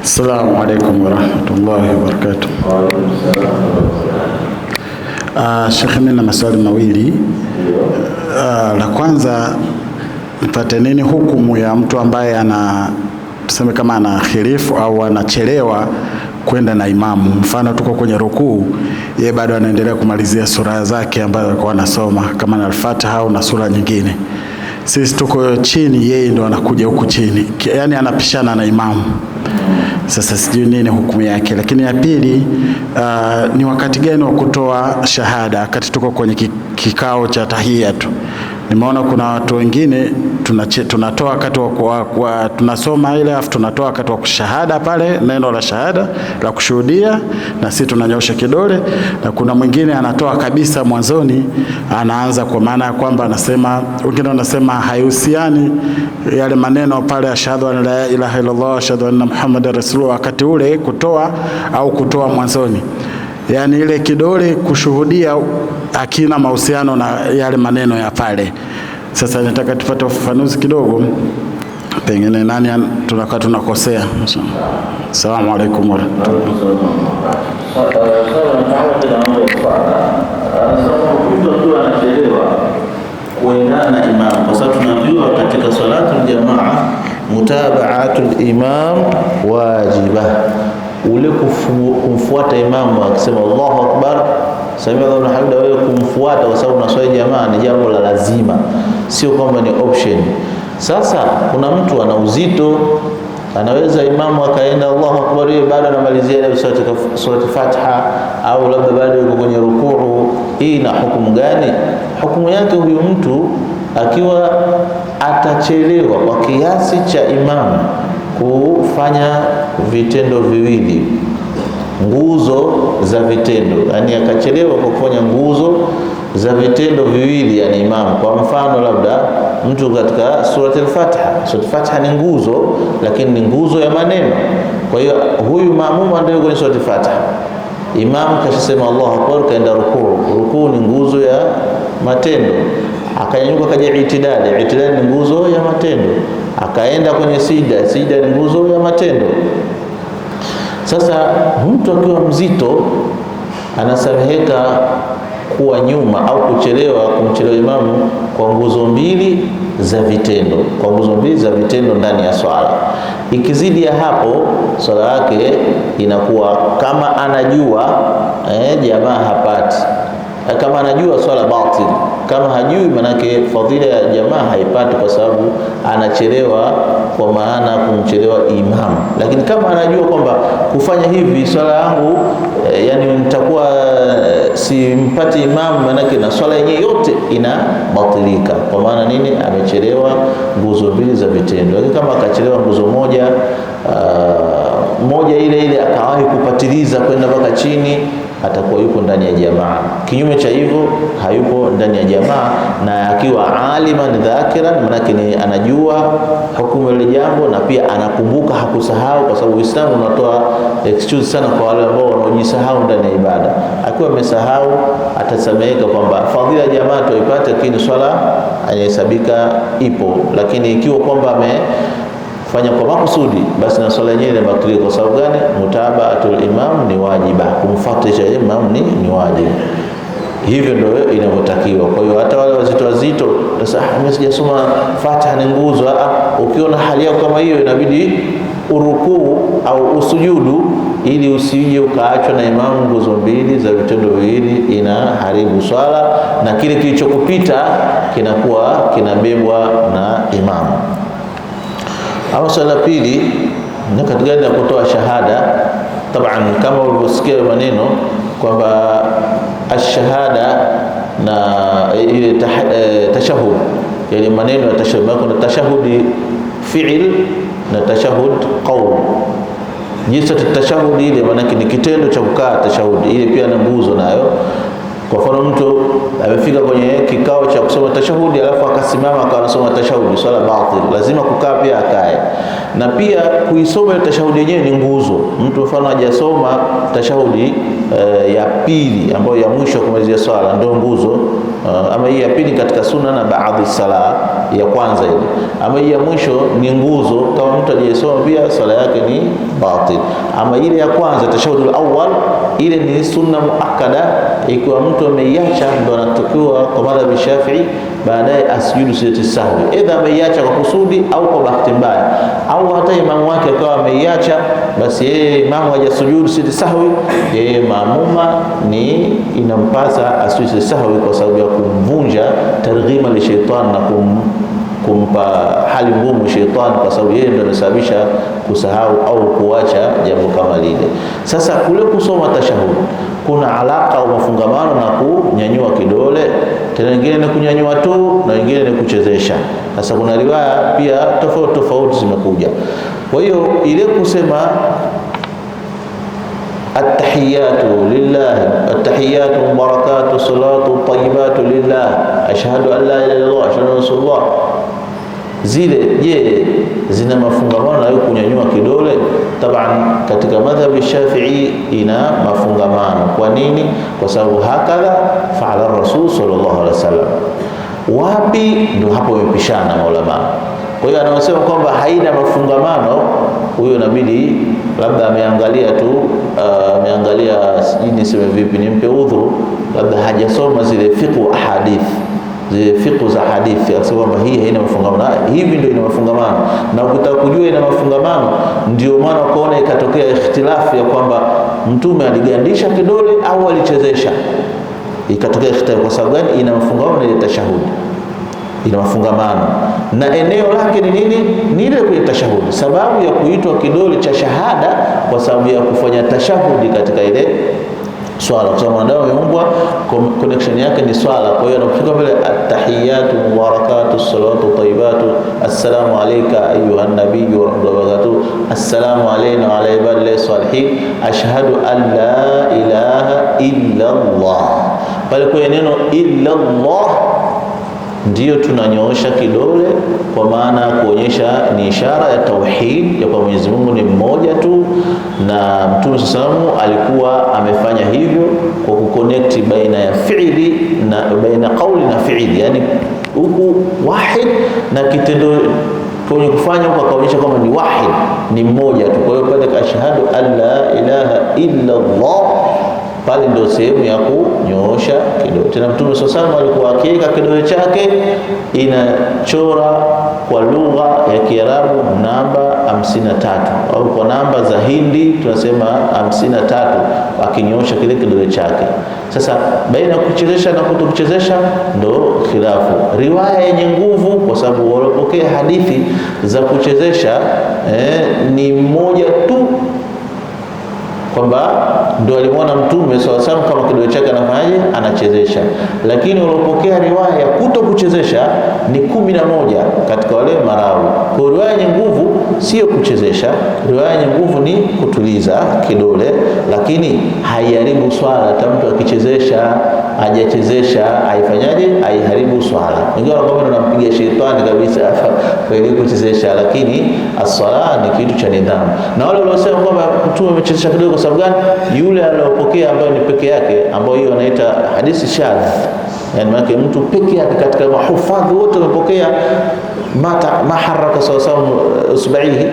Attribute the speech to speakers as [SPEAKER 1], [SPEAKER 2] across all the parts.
[SPEAKER 1] Assalamu alaikum warahmatullahi wabarakatuh. Uh, Sheikh, mimi na maswali mawili. Uh, la kwanza nipate nini hukumu ya mtu ambaye ana tuseme kama ana khilifu au anachelewa kwenda na imamu, mfano tuko kwenye rukuu, yeye bado anaendelea kumalizia sura zake ambazo alikuwa anasoma kama na Al-Fatiha au na sura nyingine, sisi tuko chini, yeye ndo anakuja huku chini, yaani anapishana na imamu sasa sijui nini hukumu yake, lakini ya pili uh, ni wakati gani wa kutoa shahada? Wakati tuko kwenye kikao cha tahiyatu Nimeona kuna watu wengine tunatoa wakati wa tunasoma ile afu tunatoa wakati wa kushahada pale, neno la shahada la kushuhudia, na sisi tunanyosha kidole, na kuna mwingine anatoa kabisa mwanzoni, anaanza kwa maana ya kwamba anasema, wengine wanasema haihusiani yale maneno pale, ya shahada la ilaha illallah shahada anna muhammadar rasulullah, wakati ule kutoa au kutoa mwanzoni yaani ile kidole kushuhudia akina mahusiano na yale maneno ya pale. Sasa nataka tupate ufafanuzi kidogo, pengine nani tunakuwa tunakosea. Asalamu alaykum warahmatullahi
[SPEAKER 2] kuendana na imam kwa sababu tunajua katika salatu wajiba ule kumfuata imamu akisema Allahu akbar, samia Allahu liman hamidah, wewe kumfuata kwa sababu unaswali jamaa ni jambo la lazima, sio kwamba ni option. Sasa kuna mtu ana uzito, anaweza imamu akaenda Allahu akbar, yeye bado anamalizia na surati Fatiha au labda bado yuko kwenye rukuu. Hii ina hukumu gani? Hukumu yake huyu mtu akiwa atachelewa kwa kiasi cha imamu kufanya vitendo viwili, nguzo za vitendo, yaani akachelewa kwa kufanya nguzo za vitendo viwili, yani imamu. Kwa mfano labda mtu katika surat al-Fatiha, surat al-Fatiha ni nguzo, lakini ni nguzo ya maneno. Kwa hiyo huyu maamuma ndio kwenye surat al-Fatiha, imam kashasema Allahu akbar, kaenda rukuu. Rukuu ni nguzo ya matendo, akanyanyuka kaja itidali, itidali ni nguzo ya matendo akaenda kwenye sijda. Sijda ni nguzo ya matendo. Sasa mtu akiwa mzito anasameheka kuwa nyuma au kuchelewa kumchelewa imamu kwa nguzo mbili za vitendo, kwa nguzo mbili za vitendo ndani ya swala. Ikizidi ya hapo swala yake inakuwa kama anajua eh, jamaa hapati, kama anajua swala batili kama hajui manake fadhila ya jamaa haipati, kwa sababu anachelewa kwa maana kumchelewa imamu. Lakini kama anajua kwamba kufanya hivi swala yangu e, yani nitakuwa eh, simpati imamu, manake na swala yenyewe yote inabatilika. Kwa maana nini? Amechelewa nguzo mbili za vitendo. Lakini kama akachelewa nguzo moja, a, ah, moja ile ile akawahi kupatiliza kwenda mpaka chini atakuwa yupo ndani ya jamaa. Kinyume cha hivyo hayupo ndani ya jamaa, na akiwa aliman dhakiran, manake ni anajua hukumu ile jambo na pia anakumbuka, hakusahau, kwa sababu Uislamu unatoa excuse sana kwa wale ambao wanaojisahau ndani ya ibada. Akiwa amesahau atasameheka, kwamba fadhila ya jamaa tuipate, lakini swala anahesabika ipo. Lakini ikiwa kwamba ame fanya kwa makusudi, basi na swala yenyewe inabatilia. Kwa sababu gani? Mutabaatul imam ni wajiba kumfuatisha imam ni, ni wajibu. Hivyo ndio inavyotakiwa. Kwa hiyo hata wale wazito wazito, sasa ah, mimi sijasoma Fatiha ni nguzo. Ah, ukiona hali yako kama hiyo, inabidi urukuu au usujudu, ili usije ukaachwa na imamu. Nguzo mbili za vitendo viwili inaharibu swala, na kile kilichokupita kinakuwa kinabebwa na imamu. Ama swala la pili ni katika kutoa shahada Taban, kama ulivyosikia maneno kwamba ashahada na eh, ile eh, tashahud, yani maneno ya tashahud, kuna tashahudi fi'il na tashahud qaul. Jinsi tashahudi ile maanake ni kitendo cha kukaa tashahudi ile, pia nambuzwa nayo kwa mfano mtu amefika kwenye kikao cha kusoma tashahudi, alafu akasimama akawa anasoma tashahudi, swala batil, lazima kukaa pia akae. Na pia kuisoma ile tashahudi yenyewe ni nguzo. Mtu mfano hajasoma tashahudi uh, ya pili ambayo ya mwisho ya kumalizia swala ndio nguzo uh, ama hii ya pili katika sunna na baadhi sala ya kwanza ile, ama hii ya mwisho ni nguzo. Kama mtu hajasoma pia swala yake ni batil. Ama ile ya kwanza tashahudul awwal, ile ni sunna muakkada, ikiwa mtu mtu ameiacha ndo anatakiwa kwa madhhabi Shafii baadaye asijudu sujudi sahwi, aidha ameiacha kwa kusudi au kwa bahati mbaya, au hata imamu wake akawa ameiacha, basi yeye imamu hajasujudu sujudi sahwi, yeye maamuma ni inampasa asijudi sahwi kwa sababu ya kumvunja targhima lishaitani na kum kumpa hali ngumu shetani, kwa sababu yeye ndo anasababisha kusahau au kuacha jambo kama lile. Sasa kule kusoma tashahud kuna alaka au mafungamano na kunyanyua kidole, tena nyingine ni kunyanyua tu na nyingine ni kuchezesha. Sasa kuna riwaya pia tofauti tofauti zimekuja. Kwa hiyo ile kusema Attahiyatu lillah attahiyatu barakatu salatu tayyibatu lillah ashhadu an la ilaha illallah ashhadu anna rasulullah zile je, zina mafungamano nayo kunyanyua kidole? Taban, katika madhhabi Shafi'i ina mafungamano. Kwa nini? Kwa sababu hakadha faala Rasul sallallahu alaihi wasallam. Wapi? Ndio hapo wamepishana maulama. Kwa hiyo anaosema kwamba haina mafungamano huyo inabidi labda ameangalia tu uh, ameangalia, uh, sijui niseme vipi, nimpe udhuru, labda hajasoma zile fiqhu ahadith zile fiqh za hadithi, akasema kwamba hii haina mafungamano, ah, hivi ndio ina mafungamano. Na ukitaka kujua ina mafungamano, ndio maana ukaona ikatokea ikhtilafu ya kwamba mtume aligandisha kidole au alichezesha, ikatokea ikhtilafu. Kwa sababu gani? Ina mafungamano ile tashahudi ina mafungamano na eneo lake ni nini? Ni ile kwenye tashahudi, sababu ya kuitwa kidole cha shahada kwa sababu ya kufanya tashahudi katika ile swala, kwa sababu mwanadamu ameumbwa connection yake ni swala. Kwa hiyo anafika vile attahiyatu mubarakatu salatu tayyibatu assalamu alayka ayuha nabiyyu wa rahmatullahi assalamu alayna wa ala ibadillahi salihin ashhadu an la ilaha illa Allah, pale kwa neno illa Allah ndiyo tunanyoosha kidole kwa maana kuonyesha ni ishara ya tauhid ya kwa Mwenyezi Mungu ni mmoja tu, na Mtume sallallahu alikuwa amefanya hivyo kwa kuconnect baina ya fiili na baina kauli na fiili, yani huku wahid na kitendo kwenye kufanya huko akaonyesha kwamba ni wahid, ni mmoja tu. Kwa hiyo pale ashhadu an la ilaha illa Allah pale ndio sehemu ya kunyoosha kidole. Tena Mtume sasa alikuwa akiweka kidole chake inachora kwa lugha ya Kiarabu namba hamsini na tatu au kwa namba za Hindi tunasema hamsini na tatu akinyoosha kile kidole chake. Sasa baina ya kuchezesha na kutokuchezesha ndo khilafu. Riwaya yenye nguvu, kwa sababu walipokea hadithi za kuchezesha eh, ni mmoja tu kwamba ndo alimwona Mtume swalla salam kama kidole chake anafanyaje, anachezesha. Lakini waliopokea riwaya ya kuto kuchezesha ni kumi na moja katika wale Marawi. Kwa riwaya yenye nguvu sio kuchezesha, riwaya yenye nguvu ni kutuliza kidole, lakini haiharibu swala. Hata mtu akichezesha hajachezesha haifanyaje, haiharibu swala. Wengine wanakwambia tunampiga shetani kabisa kwa ile kuchezesha, lakini aswala ni kitu cha nidhamu. Na wale waliosema kwamba mtume amechezesha kidogo, kwa sababu gani? Yule aliyopokea ambaye ni peke yake, ambao hiyo wanaita hadithi shadh, yani maana mtu peke yake katika mahufadhi wote wamepokea maharaka sawasawa usbaihi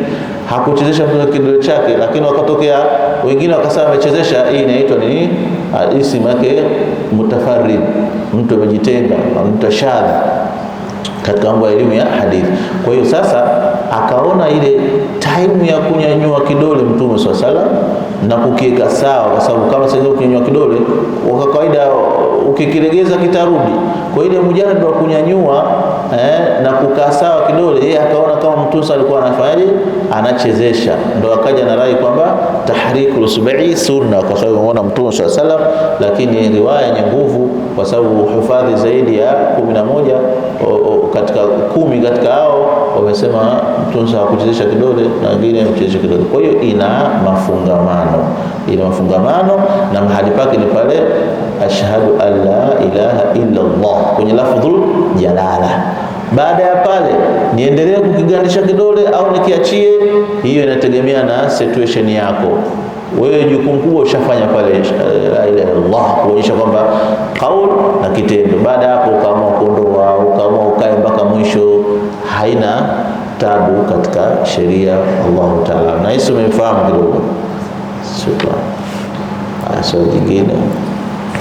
[SPEAKER 2] hakuchezesha kidole chake, lakini wakatokea wengine wakasema amechezesha. Hii inaitwa ni ah, ismu yake mutafarrid, mtu amejitenga, mtashadhi katika mambo ya elimu ya hadithi. Kwa hiyo sasa akaona ile taimu ya kunyanyua kidole Mtume swalla salam na kukiweka sawa, kwa sababu kama sasa kunyanyua kidole kwa kawaida ukikiregeza kitarudi. Kwa ile mujarrad wa kunyanyua eh, na kukaa sawa kidole. Yeye akaona kama mtunsa alikuwa anafanyaje, anachezesha, ndo akaja na rai kwamba tahriku usbu'i sunna, kwa sababu unaona Mtume swalla salam, lakini riwaya yenye nguvu, kwa sababu hifadhi zaidi ya kumi na moja katika kumi katika hao wamesema mtunsa akuchezesha kidole na wengine mchezesha kidole. Kwa hiyo ina mafungamano, ina mafungamano na mahali pake ni pale ashhadu an la ilaha illa Allah kwenye lafdhul jalala baada ya pale niendelee kukigandisha kidole au nikiachie, hiyo inategemea na situation yako wewe. Jukumu kubwa ushafanya pale, eh, la ilaha illallah, kuonyesha kwamba kauli na kitendo. Baada ya hapo, kama kuondoa au kama ukae mpaka mwisho, haina tabu katika sheria Allahu taala. Na hizo umefahamu kidogo, sio ah, swali jingine.